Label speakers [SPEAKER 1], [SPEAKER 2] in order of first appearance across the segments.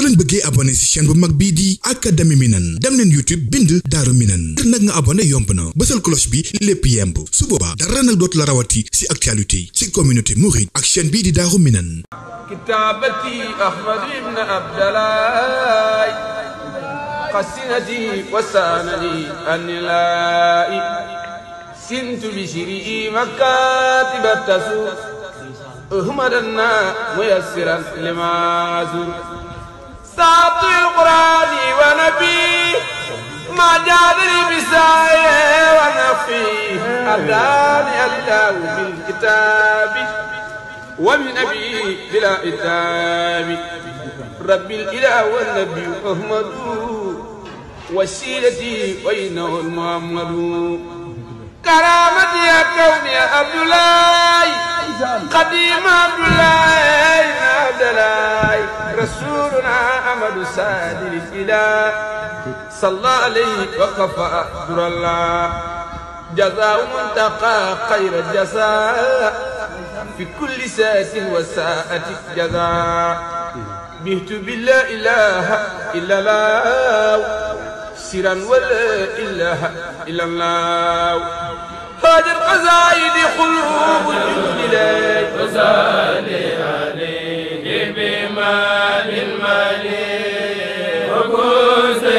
[SPEAKER 1] soo leen bëggee abonné ci chaîne bu mag bii di académie Minane dem leen YouTube bind Daaru Minane ngir nag nga abonné yomb na bësal cloche bi lépp yemb su boobaa dara nag dootu la rawati ci actualité ci communauté mouride ak chaîne bii di Daaru Minane
[SPEAKER 2] kitaabati Ahmad ibn Abdallah qasinati wasaanani anilaa'i sintu bi shiri makatibat tasu أهملنا ميسرا لما زر ساعة القرآن ونبي ما جادني بسايا ونفي أداني الله بالكتاب ومن أبي بلا إتاب رب الإله والنبي أحمد وسيلتي وإنه المحمد كرامتي يا كوني يا عبد الله أحمد سادر الإله صلى عليه وقف در الله جزاء منتقى خير الجزاء في كل ساعة وساعة جزاء بهت باللا إله إلا الله سرا ولا إله إلا الله هذا القزائد قلوب الجند
[SPEAKER 3] لك وسالي عليه بمال المليك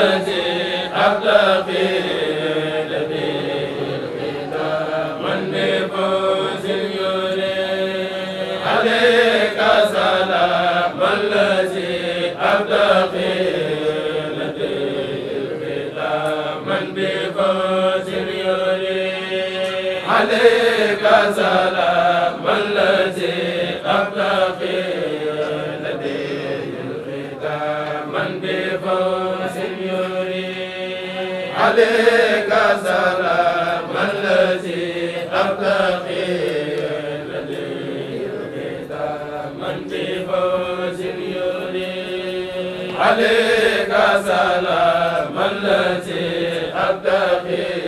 [SPEAKER 3] عليك سلام الذي أبلغ عليك سلام التي أبتغي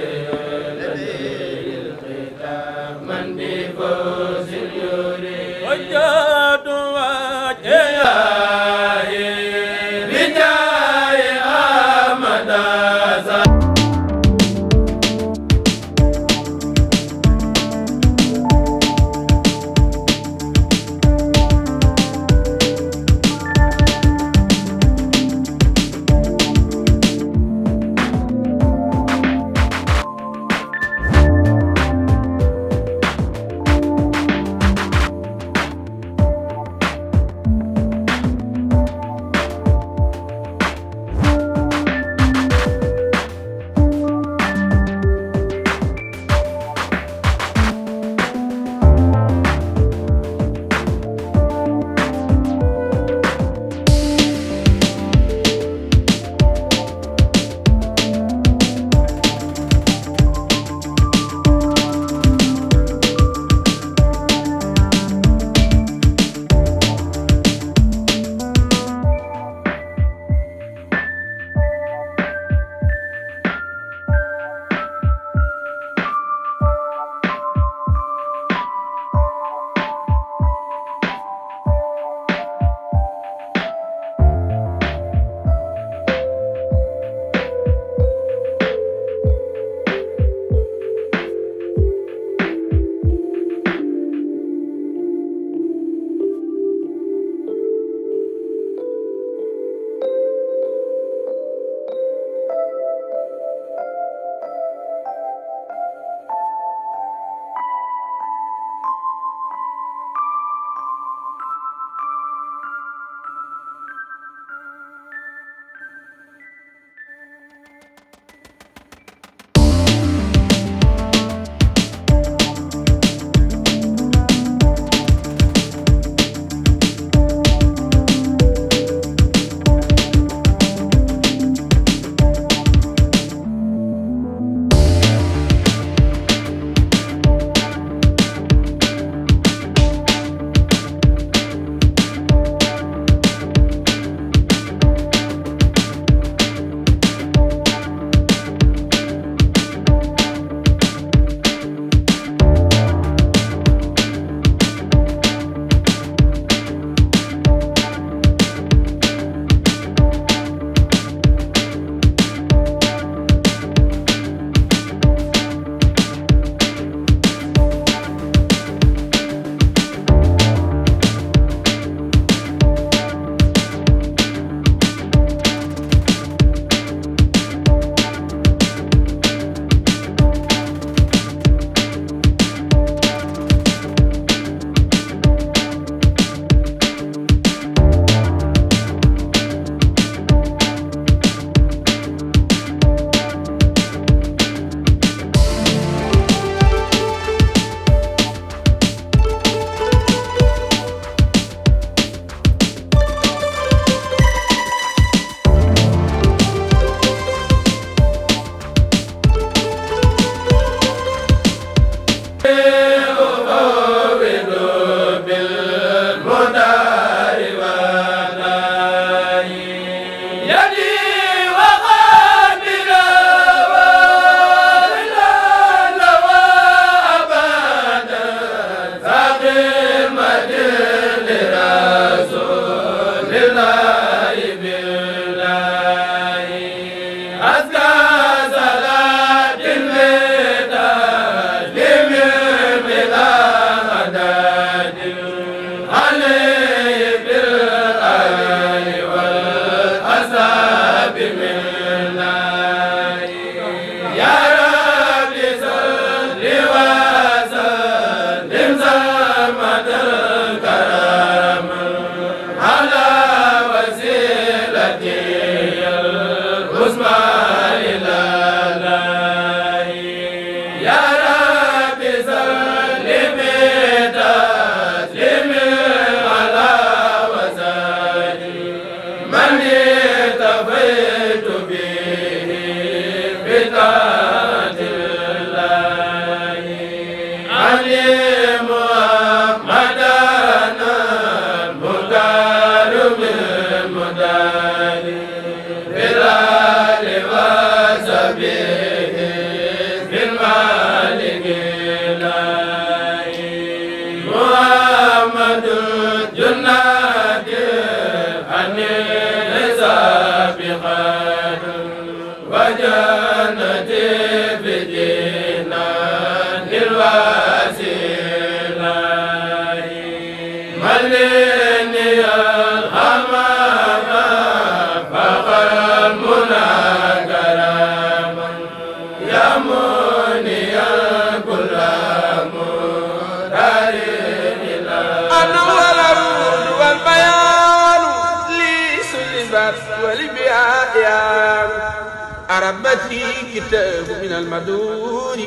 [SPEAKER 2] في كتاب من المدور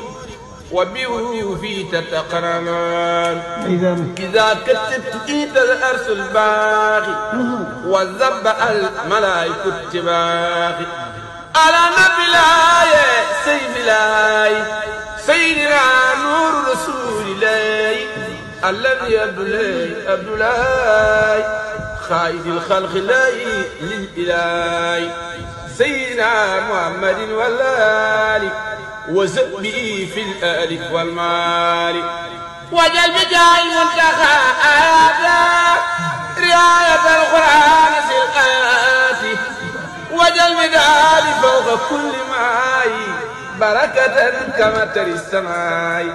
[SPEAKER 2] وبيو في تتقرنان إذا كتبت إيد الأرس الباغي وذب الملائك التباغي على نبلاي سيف لاي سيدنا نور رسول الله الذي أبلاي أبلاي خائد الخلق لاي للإله سيدنا محمد والآل وزبي في الآلف والمال وجل بجاه المنتخى آياتا رعاية القرآن سلقات وجل بدال فوق كل ماي بركة كما تري السماء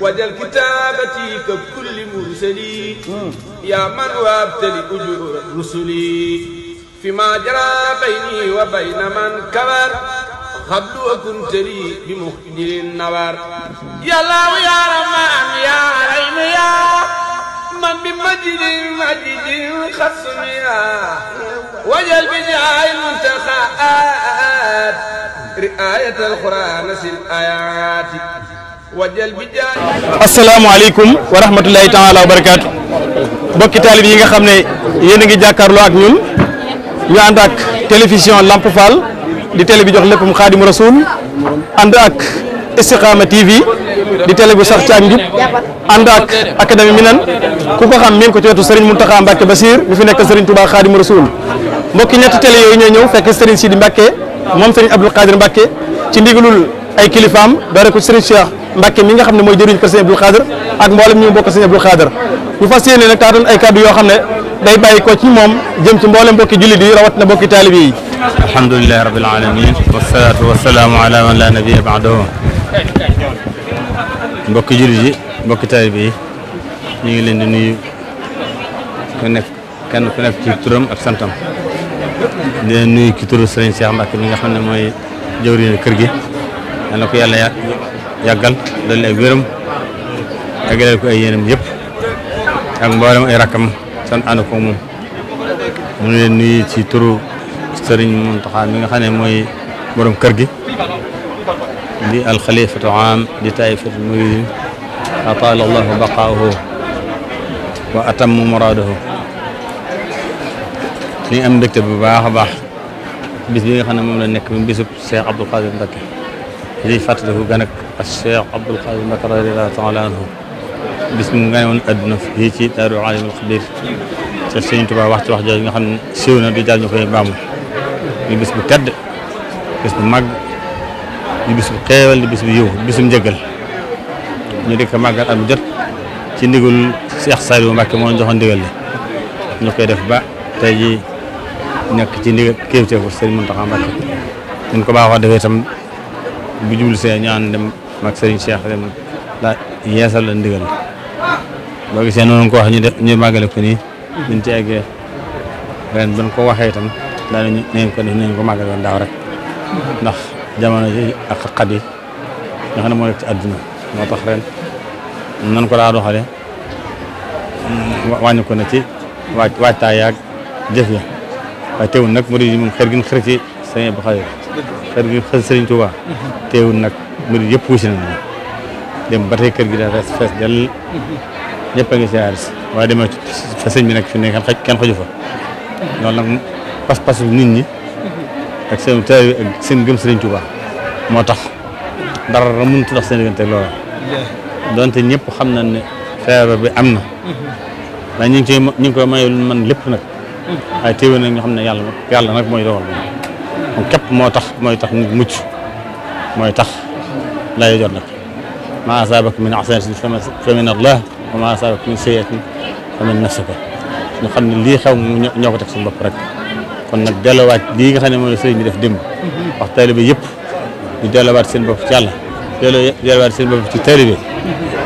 [SPEAKER 2] وجل كتابتي ككل مرسلي يا من وابتلي أجور رسلي fi ma jara bayni wa bayna man kawar xablu akuntari bi muxdirin nawar yàllaaw yaa ramaan yaa raynu yaa man bi majidin majidin xasmiya wajal bi jaay muntaxaat riayat alquran sil ayaati
[SPEAKER 4] wajal bi jaay asalaamaaleykum
[SPEAKER 1] wa rahmatullahi taala wa barakaatu bokki taalib yi nga xam ne yéen a ngi jàkkaarloo ak ñun ñu ànd ak télévision Lamp Fall di télé bi jox léppam Xaadimu Rasuul ànd ak Istiqaama TV di télé bu sax ci ak njub ànd ak académie Minan ku ko xam miin ko ci wetu Serigne Mountakha Mbacke Basir mi fi nekk Serigne Touba Xaadimu Rasuul mbokki ñetti télé yooyu ñooy ñëw fekk Serigne Sidi Mbacke moom Serigne Abdoul Khadir Mbacke ci ndigalul ay kilifaam doore ko Serigne Cheikh Mbacke mi nga xam ne mooy jëriñ ko Serigne Abdoul Khadir ak mboole ñu bokk Serigne Abdoul Khadir ñu fas day bàyyi ko ci moom jëm ci mboolem
[SPEAKER 4] mbokki jullit yi rawat na mbokki taalibe yi alhamdulilahi rabbil alamin wasalaatu wasalaamu ala man la nabiya baadahu mbokki jullit yi mbokki taalibe yi ñu ngi leen di nuyu ku nekk kenn ku nekk ci turam ak santam di leen nuyu ci turu Serigne Cheikh Mbacke mi nga xam ne mooy jëwriñu kër gi yàlla ko yàlla yàggal dolli ay wéram yàggaleel ko ay yéenam yëpp ak mboolem ay rakkam tan ànd ko moom mu ngi leen nuyu ci turu sëriñ Muntaxa mi nga xam ne mooy borom kër gi di alxalifatu am di taifatu muridin ataala allahu baqaahu wa atamma muraadahu ñu am mbégte bu baax a baax bis bi nga xam ne moom la nekk bi bisub Cheikh Abdoul Khadir Mbacké di fàttaliku gan ak Cheikh Abdoul Khadir Mbacké radiyallahu taala anhu bis mu gane woon adduna fii ci daaru alimul xabir te wax wax jooju nga xam ne siiw na du jàll ñu koy baamu ñu bis bu tedd bis bu màgg di bis bu xeewal di bis bu yiw bisu njëgal ñu di ko màggal am jot ci ndigul Seex Saaliw Mbàkke moo joxoon ndigal li ñu koy def ba tey ji nekk ci ndigal kéemteefu Sëriñ Muntaxa Mbàkke ñu ko baaxoo defee itam bu jublu see ñaan dem mag Sëriñ Cheikh dem la yeesal la boo gisee noonu ko wax ñu de ñu màggale ko nii buñ ci buñ ko waxee itam daanañu nañ ko def nañ ko màggale woon daaw rek ndax jamono ji ak xat yi nga xam ne moo nekk ci àdduna moo tax ren nan ko daa doxale wàññi ko na ci waaj waajtaay yaag jëf ya waaye teewul nag murid yi moom xër gi xër ci sëriñ Abdou Khadre xër gi xër sëriñ Touba teewul nag murid yëpp wusi nañ dem ba tey kër gi da fees fees dell ñëpp a ngi siyaare waa dema demee fa sëñ bi nag fi mu nekk xaj kenn xaju fa loolu nag pas-pasu nit ñi ak seen taay ak seen gëm sëriñ Tuubaa moo tax dara mënut a dox seen diggante loola donte ñëpp xam na ne feebar bi am na waaye ñu ngi ciy ñu ngi koy maye man lépp nag waaye téewé nag ñoo xam ne yàlla yàlla nag mooy dogal moom képp moo tax mooy tax nit mucc mooy tax lay jot nag ma asaabaka min hasanatin famin Allah wa maa asaabakum min sayyi'atin famin nafsihi ñu xam ne lii xew mu ñoo ko teg suñu bopp rek kon nag delluwaat lii nga xam ne mooy sëriñ bi def démb wax taalibe yëpp ñu delluwaat seen bopp ci yàlla delluwaat seen bopp ci taalibe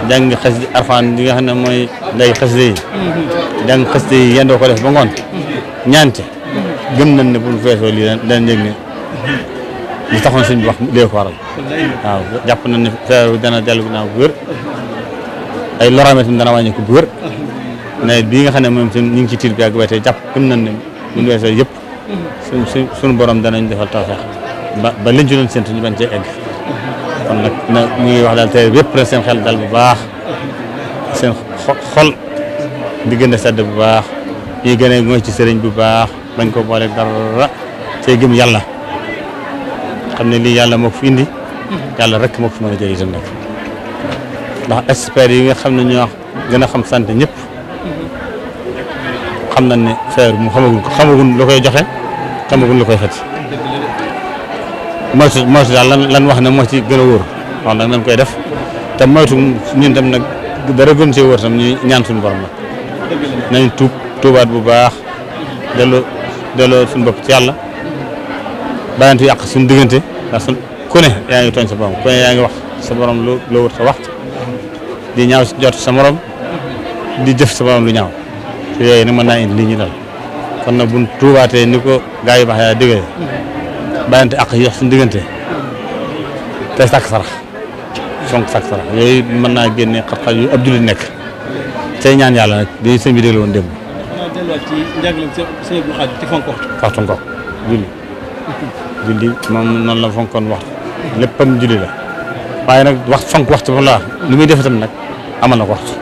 [SPEAKER 4] jàng xasida arfaan li nga xam ne mooy nday xasida yi jàng xasida yi yendoo ko def ba ngoon ñaante gëm nañ ne bu ñu feesoo lii daan yëg ne li taxoon sëñ bi wax lee ko waral waaw jàpp nañ ne feeru dana dellu ginnaaw wér ay loraame tamit dana wàññeeku bu wër nawet bii nga xam ne moom tamit ñu ngi ci tiit bi ak ba tey jàpp gëm nañ ne bu ñu weesoo yëpp suñ suñu borom danañ defal tawfeex ba ba liñ ci doon séntu ñu bañ cee egg kon nag na mu wax daal tey yëpp rek seen xel dal bu baax seen di gën a sedd bu baax yi gën ci sëriñ bu baax bañ ko boole dara cee gëm yàlla xam ne lii yàlla moo fu indi yàlla rek moo ko fi mën a jëriñ nag ndax experts yi nga xam ne ñoo gën a xam santé ñëpp xam nañ ne feer mu xamaguñ ko xamaguñ lu koy joxe xamaguñ lu koy xet moytu moytu daal lan lan wax ne moo ci gën a wóor wax nag nañ koy def te moytu ñun tam nag dara gën see wóor tam ñuy ñaan suñu borom la nañ tuub tuubaat bu baax delloo delloo suñu bopp ci yàlla bàyyante yàq suñu diggante ndax suñ yaa ngi tooñ sa borom ku yaa ngi wax sa borom loo wër sa di ñaaw jot sa morom di jëf sa morom lu ñaaw yooyu nag mën naa indi nit ñi kon nag buñ tuubaatee ni ko gaa yu baax yaa diggee bàyyante ak yox suñu diggante te sàkk sarax fonk sàkk sarax yooyu mën naa génne xat-xat yu ab jullit nekk tey ñaan yàlla nag dañuy sëñ bi dégle woon démb waxtu ngoog julli julli moom noonu la fonkoon waxtu léppam julli la waaye nag wax fonk waxtu bu la lu muy def itam nag amal na ko waxtu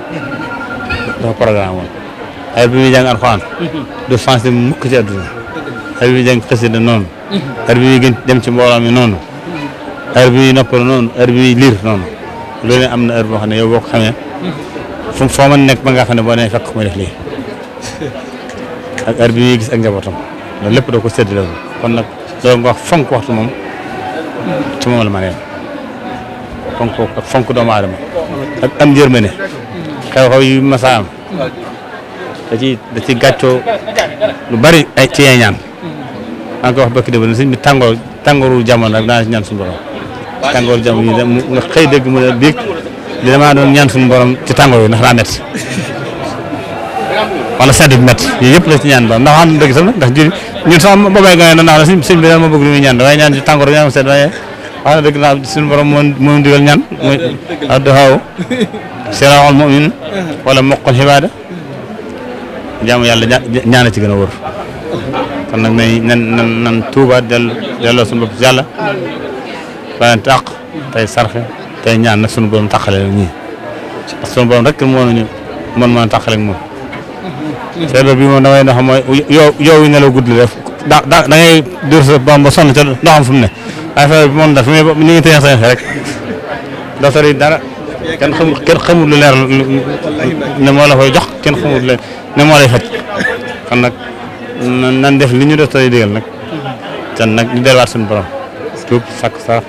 [SPEAKER 4] dafa programme woon ay bi muy jàng alxuraan mhm. du fanse mukk ci àdduna ay bi muy jàng xasida noonu heure mhm. bi muy gën dem ci mbooloo mi noonu heure mhm. bi muy noppal noonu heure bi muy liir noonu loolu am na heure boo xam ne yow boo ko xamee fu foo nekk ba nga xam ne boo nee fekk muy ak heure bi muy gis ak njabootam lépp doo ko séddale kon nag loolu nga wax fonk waxtu moom ci moom la fonk ak fonk doomu aadama ak am njërmane xew-xew yu masa am da ci da ci bari ay ci ñaan maa wax bëkk de ba sëñ bi tàngoor tàngooru jamono rek daana ci ñaan suñu borom tàngooru jamono yi nga xëy mu ne biig li damaa doon ñaan suñu borom ci tàngoor yi ndax daa métti wala sedd bi métti yooyu yëpp la ñaan borom ndax xam dëgg sax nag ndax jur ñun sax boobay gane na ndax sëñ bi daal ma bëgg lu muy ñaan waaye ñaan ci tàngoor ñaan sedd waaye waaye dëgg naa suñu borom moo moo digal ñaan mooy adduhaaw siraaxul mu'min wala moqul xibaada jaamu yàlla ñaana ci gën a wóor kon nag nañ nan nan nan tuuba del delloo suñu bopp yàlla balante àq tey sarxe tey ñaan nag suñu borom tàqale la ñii parce que suñu borom rek moo nañu mën mën a tàqale ak moom feebar bi moom damay na xam mooy yow la def da da ngay dóor sa bam ba sonn ca doo xam fu mu ne waaye feebar bi moom daf ni ngi tëye sa xel rek doo sori dara kenn xamul kenn xamul lu leer ne moo la koy jox kenn xamul lu leer ne moo lay faj kon nag nan def li ñu def tey digal nag can nag ñu delluwaat suñu borom tuub sakk sarax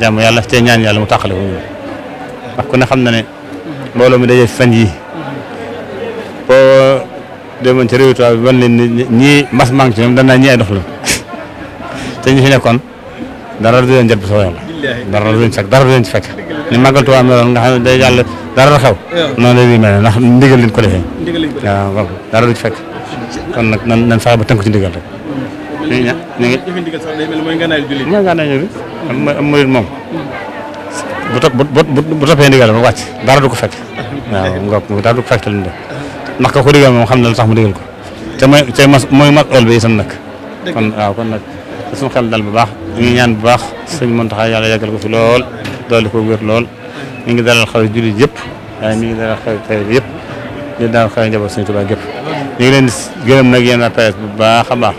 [SPEAKER 4] jàmm yàlla cee ñaan yàlla mu tàqale ko ñu ndax ku ne xam na ne mbooloo mi dajee fan yii demoon ci réew bi wan leen ni ñii mas maa ci ñoom danaa ñi ay dof la te ñu fi nekkoon dara du leen jot bu soobee la dara du leen ci fekk ni màggal tubaab meloon nga xam ne day yàlla dara du xew noonu la ñuy mel ndax ndigal leen ko defee waaw dara du fekk kon nag nan nan fexe ba ci ndigal rek mm. ñu ngi ñu ngi mooy gànnaayu jullit mooy gànnaayu am murit moom bu topp bu toppee ndigal dafa wàcc dara du ko fekk waaw nga dara du ko fekk te lu mu def ndax ka ko digal moom xam na lu tax mu digal ko te mooy te mooy mag ol bi itam nag kon a kon nag suñu xel dal bu baax ñu ñaan bu baax sëñ Mountakha yàlla yàggal ko fi lool dolli ko wér lool mi ngi dalal xaw jullit yëpp waaye mi ngi dalal yëpp di daal xaw njaboot sëñ Tuubaa ñu ngi leen di gërëm nag yéen bu baax a baax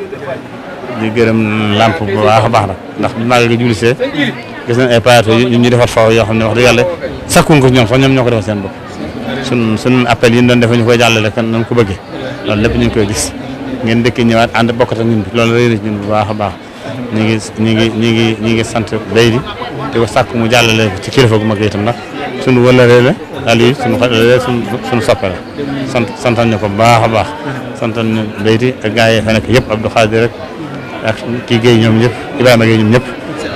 [SPEAKER 4] di gërëm lamp bu baax a baax nag ndax bi maa ngi julli see gis nañ ay plateau yu ñu yoo xam ne wax dëgg yàlla sakkuñ ko ñoom sax ñoom ñoo ko defal seen bopp sun sun appel yi ñu doon defee ñu koy jàllale kan nañ ko bëggee loolu lépp ñu koy gis ngeen dëkk ñëwaat ànd bokkat ak ñun bi loolu rëy na ñun bu baax a baax ñu ngi ñu ngi ñu ngi ñu ngi sant béy bi di ko sàkk mu jàllale ko ci kilifa gu mag itam ndax suñu wëlëree la Aliou suñu xale suñu suñu soppe la sant santal ñu ko baax a baax santal ñu béy bi gaa yi fa nekk yëpp Abdou Khadir rek ak kii Guèye ñoom ñëpp Ibrahima Guèye ñoom ñëpp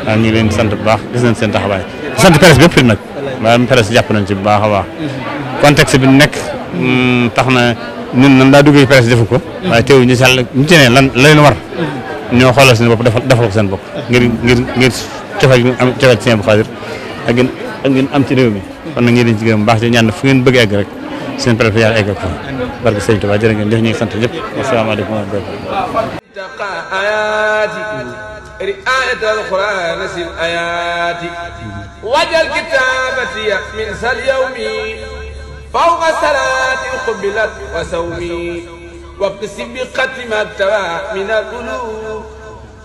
[SPEAKER 4] waaw ñu ngi leen sant bu baax gis nañ seen taxawaay sant presse bépp nag maanaam presse jàpp nañ ci bu baax a baax contexte bi nekk mm, tax na ñun nan daa duggee presse defu ko waaye teew ñu sàll ñu ci ne lan leen war ñoo xoolal seen bopp defal ko seen bopp ngir ngir ngir cofeel gi am cofeel ci seen bu xaadir ak ngeen ak ngeen am ci réew mi kon nag ñi dañ ci gërëm baax ci ñaan fu ngeen bëgg egg rek seen presse yàlla egg ko barke sëñ Tuubaa jërë ngeen def ñu ngi sant ñëpp wasalaamaaleykum wa rahmatulah
[SPEAKER 2] رئاية القرآن سل آياتي وجل كتابتي من سل يومي فوق صلاة قبلت وسومي واقسم بقتل ما ارتوى من القلوب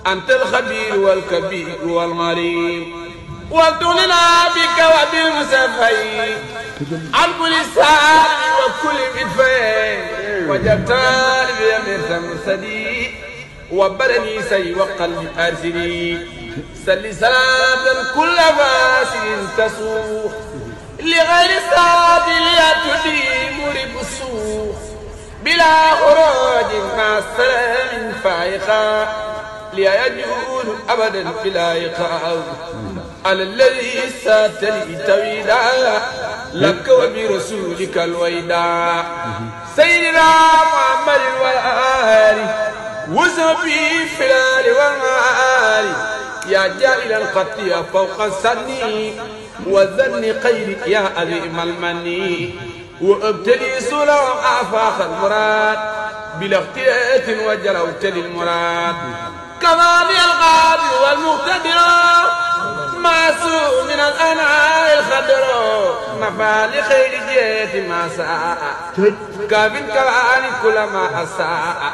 [SPEAKER 2] أنت الخبير والكبير والمريم والدنيا بك وبالمسفي عن كل سال وكل مدفي وجبت بيمين تمسدي وبرني سي وقلبي أرسلي سل سلاما كل فاسد تصوح li gayri saabil yatudi muribu suux bilaa xurooji maa salamin faayiqa li yajuulu abadan bilaa yiqaaw على الذي ساتلي تويدا لك وبرسولك الويدا سيدنا محمد والآل وزبي في الآل والآل يا جائل الخطيئة فوق السنين وذن خير يا أذيم المني وابتلي سلام آفاق المراد بلا افتئات وجلوت للمراد كما الغادي والمقتدر معصوم من الأنعاء الخضر مفعل خير جيت ما ساء كافٍ كواني كل ما أساء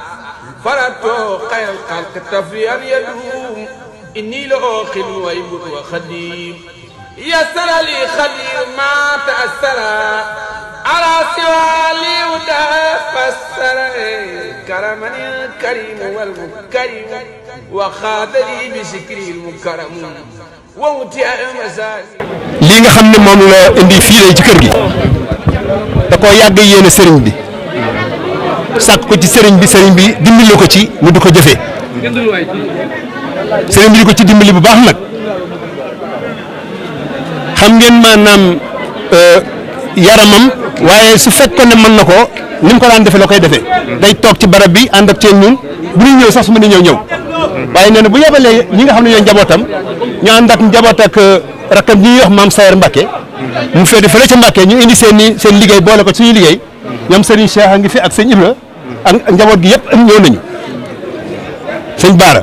[SPEAKER 2] فردت خير الخلق تفريا يدوم إني لأوخل ويبر وخديم يسر لي خدير ما تأثر على سوى لي ودا فسر كرمني الكريم والمكرم وخاذ لي بشكري
[SPEAKER 1] المكرم ووتي مساج لي nga xamne mom la indi fi ci kër gi da ko yàgg yéene sëriñ bi sàkk ko ci sëriñ bi sëriñ bi dimbali ko ci mu du ko jëfee sëriñ bi di ko ci dimbali bu baax nag xam ngeen maanaam euh, yaramam waaye su fekkoon ne mën na ko ni mu ko daan defee la koy defee day toog ci barab bi ànd ak teen ñun bu ñu ñëw sax su ma ne ñëw ñëw waaye nee na bu yebalee ñi nga xam ne ñooy njabootam ñu ànd ak njaboot ak euh, rakkam ñi ñuy wax maam Sayer mu féete fële ca ñu indi seen i seen liggéey boole ko suñu liggéey ñoom Serigne Cheikh a ngi fi ak sëñ Ibra ak njaboot gi yëpp ñëw nañu sëñ Baara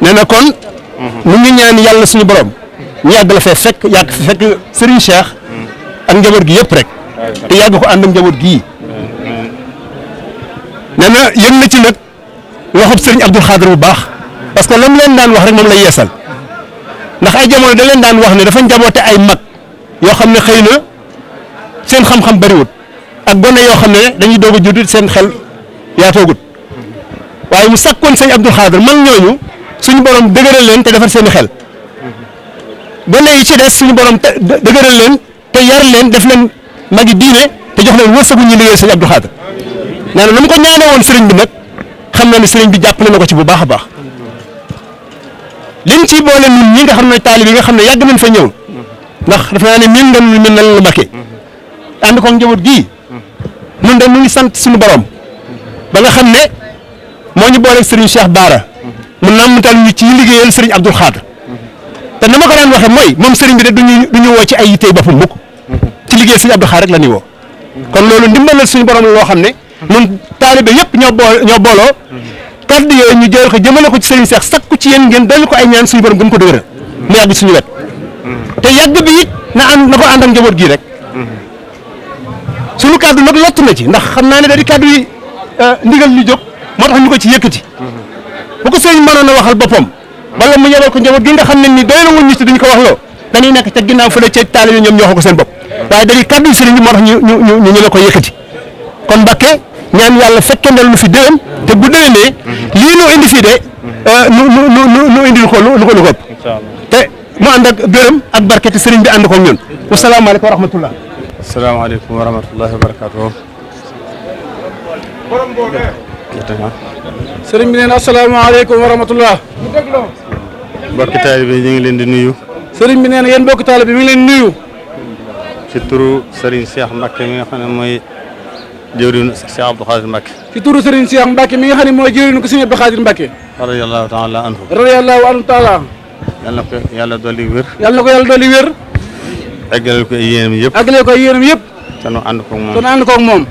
[SPEAKER 1] nee na kon mu ngi ñaan yàlla suñu borom. ñu yàgg la fee fekk yàgg fekk Serigne Cheikh ak njaboot gi yëpp rek te yàgg ko ànd ak njaboot gii nee na yëg na ci nag waxub Serigne Abdoul Khadr bu baax parce que la leen daan wax rek moom lay yeesal ndax ay jamono da leen daan wax ne dafa njaboote ay mag yoo xam ne xëy na seen xam-xam bariwut ak gone yoo xam ne dañuy doog a judd seen xel yaatoogut waaye mu sakkoon sëñ Abdoul Khadr man ñooñu suñu borom dëgëral leen te defar seeni xel gone yi ci des suñu borom te dëgëral leen te yar leen def leen magi diine te jox leen wërsëgu ñu liggéey sëñ Abdou Khadre nee na nu ko ñaane woon sëriñ bi nag xam na ne sëriñ bi jàppale na ko ci bu baax a baax liñ ci boole ñi nga xam ne taalib yi nga xam ne yàgg nañ fa ñëw ndax daf naa ne miin nga mel nan la Mbakke ànd ko njaboot gii ñun de ngi sant suñu borom ba nga xam ne moo ñu booleeg sëriñ Cheikh Baara mu nàmmatal ñu ci liggéeyal sëriñ Abdou Khadre te na ma ko daan waxee mooy moom sëriñ bi de du ñu du ñu woo ci ay yittey boppam mukk ci liggéey suñu Abdou Khadre rek la ñuy woo kon loolu ndimbalal suñu borom la loo xam ne ñun taalibe yëpp ñoo bool ñoo booloo kàddu yooyu ñu jël ko jëmale ko ci sëriñ Seex sakku ci yéen ngeen dolli ko ay ñaan suñu borom gën ko dëgëral mu yàgg suñu te yàgg bi na ànd na ko ànd ak gii rek suñu kàddu nag lottu na ci ndax xam naa ne da di kàddu yi euh, ndigal li jóg moo tax ñu ko ci yëkkati bu ko sëriñ mënoon a waxal boppam wala mu yebal ko njaboot gi nga xam ne ni doy na wuñ nit duñ ko wax loo dañuy nekk ca ginnaaw fële ca taal yi ñoom ñoo ko seen bopp waaye dañuy kaddu sëriñ bi moo tax ñu ñu ñu ñu la ko yëkkati kon Mbàkke ñaan yàlla fekke ndal lu fi déwén te bu déwénee lii nu indi fi de nu euh, indi nu nu ko lu ko lu ko te mu ànd ak gërëm ak barke te sëriñ bi ànd ko ñun wasalaamaaleykum wa rahmatullah
[SPEAKER 4] asalaamaaleykum wa rahmatullahi wa barakaatu
[SPEAKER 5] bi neen asalaamaaleykum wa rahmatullah
[SPEAKER 4] mbokki taalibe yi ñu ngi leen di nuyu. sëriñ bi nee na yéen mbokki taalibe yi mi ngi leen di nuyu. ci turu Serigne Cheikh Mbacke mi nga xam ne mooy jëwriñu Cheikh Abdou Khadir Mbacke. ci turu
[SPEAKER 5] Serigne Cheikh Mbacke mi nga xam ne mooy jëwriñu ko Serigne
[SPEAKER 4] Abdou Khadir Mbacke. radiyallahu taala anhu. radiyallahu anhu taala. yal ko yàlla dolli wér. yal na ko yàlla dolli wér. eggaleel ko ay yéenam yëpp. eggaleel ko ay yëpp. te nu ànd koog moom te nu ànd moom.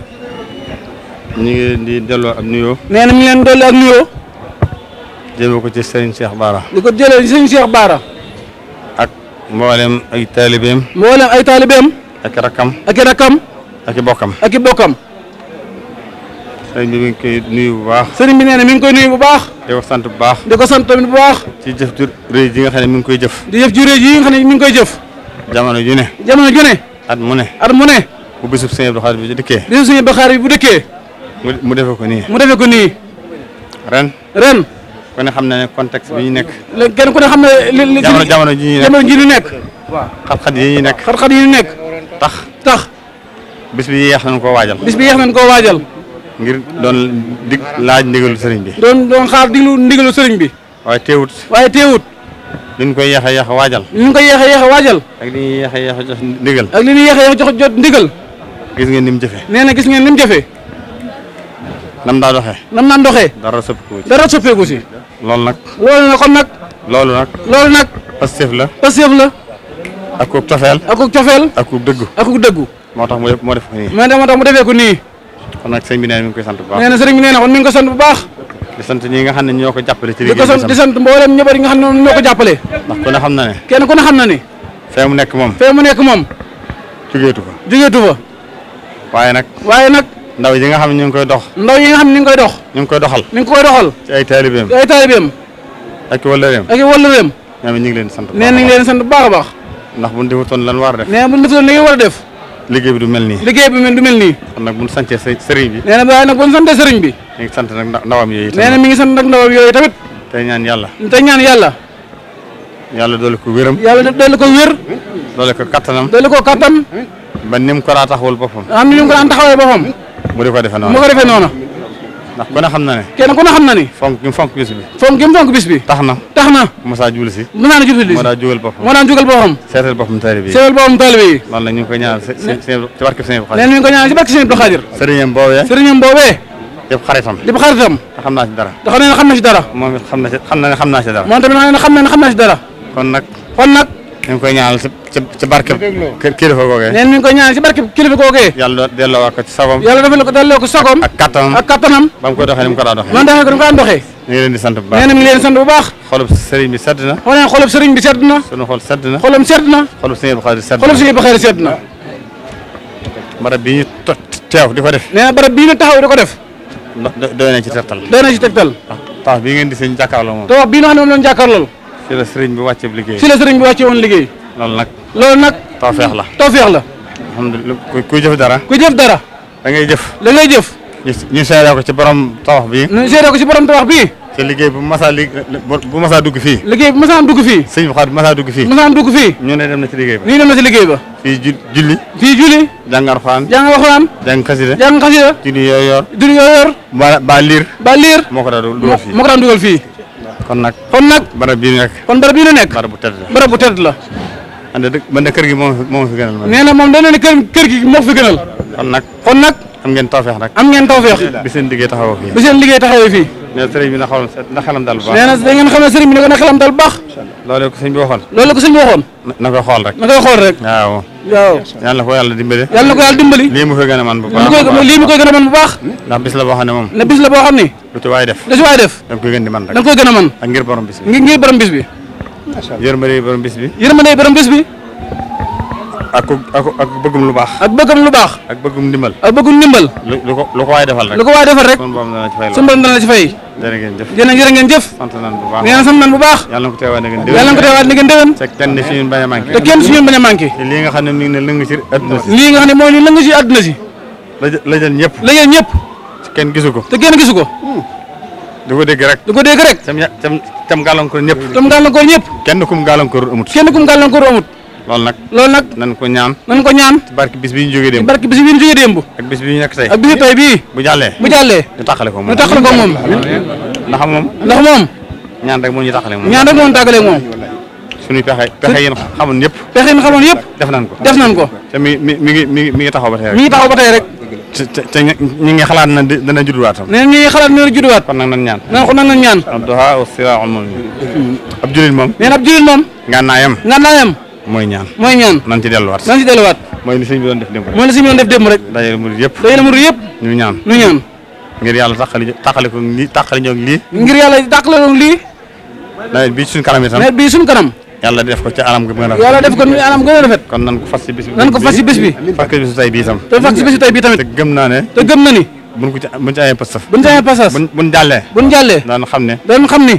[SPEAKER 4] ñu ngi di delloo ab nuyoo. jëme ko ci sëriñ Cheikh Baara.
[SPEAKER 5] di ko jëlee ci sëriñ Cheikh Baara.
[SPEAKER 4] ak mboolem ay taalibeem.
[SPEAKER 5] mboolem ay taalibeem.
[SPEAKER 4] ak i rakkam. ak i rakkam. ak i bokkam. ak i bokkam. sëriñ bi mi ngi koy nuyu bu baax. sëriñ bi nee na mi ngi koy nuyu bu baax. di ko sant bu baax. di ko sant tamit bu baax. ci jëf ju rëy ji nga xam ne mi ngi koy jëf. di jëf ju rëy ji nga xam mi ngi koy jëf. jamono ju ne. jamono at mu ne. at mu ne. bu bisub sëñ Abdou Khadre bi bu dëkkee. bisub sëñ Abdou Khadre bi bu dëkkee. mu defee ko nii. mu defee ko nii. ren. ku ne xam na ne contexte bi ñu nekk. léegi kenn ku ne xam ne. jamono jamono ji ñu nekk jamono ji ñu nekk. waaw xat-xat yi ñu nekk. xat nekk. tax tax. bis bi yeex nañ ko waajal. bis bi yeex nañ ko waajal. ngir doon dig laaj ndigalu sëriñ bi. doon doon xaar diglu ndigalu sëriñ bi. waaye teewut. waaye teewut. li ñu koy yeex a yeex waajal. li ñu yeex a yeex a waajal. ak li ñuy yeex a yeex a jox ndigal. ak li ñuy yeex jot ndigal. gis ngeen ni mu jëfee.
[SPEAKER 5] nee na gis ngeen ni mu jëfee. nam daa doxee. nam daan doxee.
[SPEAKER 4] dara soppeeku si dara soppeeku loolu nag. loolu nag kon nag. loolu nag. loolu nag. Pastef la. Pastef la. ak kub cofeel. ak kub cofeel. ak kub dëggu. ak kub dëggu. moo tax mu def moo def ko nii. mais moo tax mu defee ko nii. kon nag sëñ bi nee na mi ngi koy sant bu baax. nee na sëriñ bi nee na kon mi ngi ko sant bu baax. di sant ñi nga xam ne ñoo ko jàppale. ci liggéey bi di sant di sant mboolem ñëpp ñi nga xam ne ñoo ko jàppale. ndax ku ne xam na ne. kenn ku ne xam na ne. fee mu nekk moom. fee mu nekk moom. jugeetu fa. jugeetu fa. waaye nag. waaye nag. ndaw yi nga xam ne ñu ngi koy dox ndaw yi nga xam ne ñu ngi koy dox ñu ngi koy doxal ñu ngi koy doxal ci ay taalibeem ay taalibeem ak i wëllëreem ak i wëllëreem ñoom ñu ngi leen sant nee ñu ngi leen sant bu baax a baax ndax buñ defutoon lan war a def nee buñ defutoon li nga war a def liggéey bi du mel nii liggéey bi du mel nii kon nag buñ santee sëriñ bi nee na waaye nag buñ santee sëriñ bi mi ngi sant nag ndawam yooyu nee na mi ngi sant nag ndawam yooyu tamit tey ñaan yàlla tey ñaan yàlla yàlla doole ko wéram yàlla doole ko wér doole ko kattanam doole ko kattan ba ni mu ko daa taxawal boppam xam ni mu ko daan taxawal boppam mu di ko defee noonu mu ko defee noonu. ndax ku ne xam na ne. kenn ku ne xam na ni. fonk gi mu fonk bis bi. fonk gi mu fonk bis bi. tax na tax na. Moussa jublu si. mu naan jublu si moo daan jugal boppam. moo daan jugal boppam. seetal boppam taalibe yi. seetal boppam taalibe yi. loolu la ñu ngi koy ñaanal ci barke Sëñ Abdou Khadir. leen ñu ngi koy ñaanal ci barke Sëñ Abdou Khadir. sëriñam boobee. sëriñam boobee. yëpp xaritam. yëpp xaritam. te xam naa ci dara. te xam na ne xam na ci dara. moom it xam na ci xam na ne xam naa ci dara. moom tamit xam na ne xam na ne xam naa ci dara. kon nag kon nag ñu ngi koy ñaanal ci ci barke kilifa googee neen mi ngi koy ñaanal ci barke kilifa googee yàlla delloo waat ko ci sagom yàlla dafa ko delloo ko sagom ak kattanam ak kattanam ba mu koy doxee ni mu ko daan doxee man doxee ko ni mu ko daan doxee ñu ngi leen di sant bu baax nee na mi ngi leen di sant bu baax xolub sëriñ bi sedd na xoolee xolub sëriñ bi sedd na sunu xol sedd na xolum sedd na xolub sëriñ bi xaari sedd na xolub sëriñ bi xaari sedd na barab bi ñu teew di ko def nee na barab bi ñu taxaw di ko def doy na ci tegtal doy na ci tegtal tax bi ngeen di seen jàkkaarloo moom
[SPEAKER 5] tax bi nga xam ne moom lañ jàkkaarloo
[SPEAKER 4] ci la sëriñ bi wàcce liggéey. ci la sëriñ bi wàcce woon liggéey. loolu nag. loolu nag. tawfeex la tawfeex la. alhamdulilah kuy jëf dara. kuy jëf dara. da ngay jëf. da ngay jëf. ñu seede ko ci borom tawax bii. ñu seede ko ci borom tawax bii. te liggéey bu masa li bu masa dugg fii. liggéey bu masa am dugg fii. sëñ bi xaar masa dugg fii. masa am dugg fii. ñu ne dem na ci liggéey ba. ñu dem na ci liggéey ba. fii ju julli. fii julli. jàng alxuraan. jàng alxuraan. jàng xasida. jàng xasida. julli yoo yor. julli yoo yor. ba ba liir. ba liir. moo ko daan dugal fii moo ko daan dugal fii. kon nag kon nag barab bii nekk kon barab bii nu nekk barab bu tedd la barab bu tedd la ande dëkk man de kër gi moom moo fi gënal nee na moom dana ne kër kër gi moo fi gënal kon nag kon nag am ngeen tawfeex nag am ngeen tawfeex bi seen liggéey taxawoo fii bi seen liggéey taxawoo fii nee na sëriñ bi na xolam na xelam dal bu baax nee na da ngeen
[SPEAKER 5] xam ne sëriñ bi ne ko na xelam dal bu baax
[SPEAKER 4] loolee ko sëñ bi waxoon loolee ko sëñ bi waxoon na koy xool rek na koy xool rek waaw waaw yàlla na ko yàlla dimbali yàlla na ko yàlla dimbali lii mu koy gën a man bu baax lii mu koy gën a man bu baax ndax bis la boo xam ne moom na bis la boo xam ne lu ci waay def lu ci waay def da nga koy gën di man rek da nga koy gën a man ak ngir borom bis bi ngir borom bis bi yërmande borom bis bi yërmande borom bis bi ak ak ak bëggum lu baax. ak bëggum lu baax. ak bëggum ndimbal. ak bëggum ndimbal. lu lu ko lu ko waay defal rek. lu ko waay defal rek. sunu borom dana ci fay sunu borom dana ci fay. jërë ngeen jëf jërë ngeen jëf. sant nañ bu baax nee na sant nañ bu baax. yàlla na ko teewaat na ngeen déwén yàlla na ko teewaat na ngeen déwén. te kenn si ñun bañ a manqué. te kenn si ñun bañ a manqué. te lii nga xam ne mi ngi ne lëng si àdduna si. lii nga xam ne mooy lëng si àdduna si. la la jël ñëpp. la jël ñëpp. te kenn gisu ko. te kenn gisu ko. Hmm. du ko dégg rek. du ko dégg rek. tam ya tam tam gàllankoor ñëpp. tam gàllankoor ñëpp. kenn kum gàllankoor amut. kenn kum gàllankoor amut. loolu nag loolu nag nan ko ñaan nan ko ñaan ci barke bis bi ñu jógee démb barke bis bi ñu jógee démb ak bis bi ñu nekk tey ak bis tey bii bu jàllee bu jàllee ñu tàqale ko moom ñu tàqale ko moom ndax moom ndax moom ñaan rek moo ñu tàqale moom ñaan rek moo ñu tàqale moom suñu pexe pexe yéen xamoon yëpp pexe yéen xamoon yëpp def nañ ko def nañ ko te mi mi mi ngi mi ngi taxaw ba tey rek mi ngi taxaw ba tey rek te ñi ngi xalaat na dana judduwaat tam nee ñi ngi xalaat na judduwaat kon nag nan ñaan nan ko nag nan ñaan abdoha wa siraul mumin ab jullit moom nee ab jullit moom ngannaayam ngannaayam mooy ñaan mooy ñaan nañ ci delluwaat nañ ci delluwaat mooy li sëñ bi doon def démb rek mooy li sëñ bi doon def démb rek dajale murid yëpp dajale murid yëpp ñu ñaan ñu ñaan ngir yàlla tàqali tàqali ko lii tàqali ñoo lii ngir yàlla tàqali ko lii nawet bi suñu kanam itam nawet bi suñu kanam yàlla def ko ci anam gën a rafet yàlla def ko ñu anam gën a rafet kon nan ko fas ci bés bi nan ko fas ci bés bi fas ci bésu tey bi itam te fas ci bésu tey bi tamit te gëm naa ne te gëm na ni buñ ko ci buñ ci amee pas buñ ci amee pas buñ jàllee buñ jàllee daan xam ne daan xam ni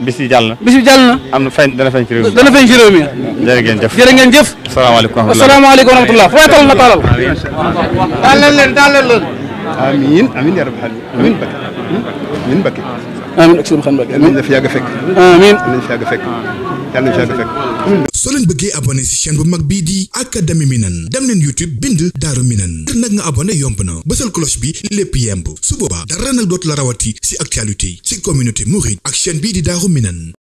[SPEAKER 4] bis yi jàll na bis yi jàll na am na feeñ dana feeñ ci réew mi dana feeñ ci réew mi jërë ngeen jëf jërë ngeen jëf asalaamaaleykum asalaamaaleykum wa rahmatullah fooy tal na taalal taal leen leen taal
[SPEAKER 1] leen leen amin amin ya rabbal alamin amin bakki amin bakki amin ak seen xam bakki amin la fi yàgg a fekk amin la fi yàgg a fekk yàlla soo leen bëggee abone si chaîne bu mag bii di académie Minane dem leen YouTube bind Daaru Minane ngir nag nga abonné yomb na bësal cloche bi lépp yemb su boobaa dara nag dootu la rawati si actualité si communauté mouride ak chaîne bii di Daaru Minane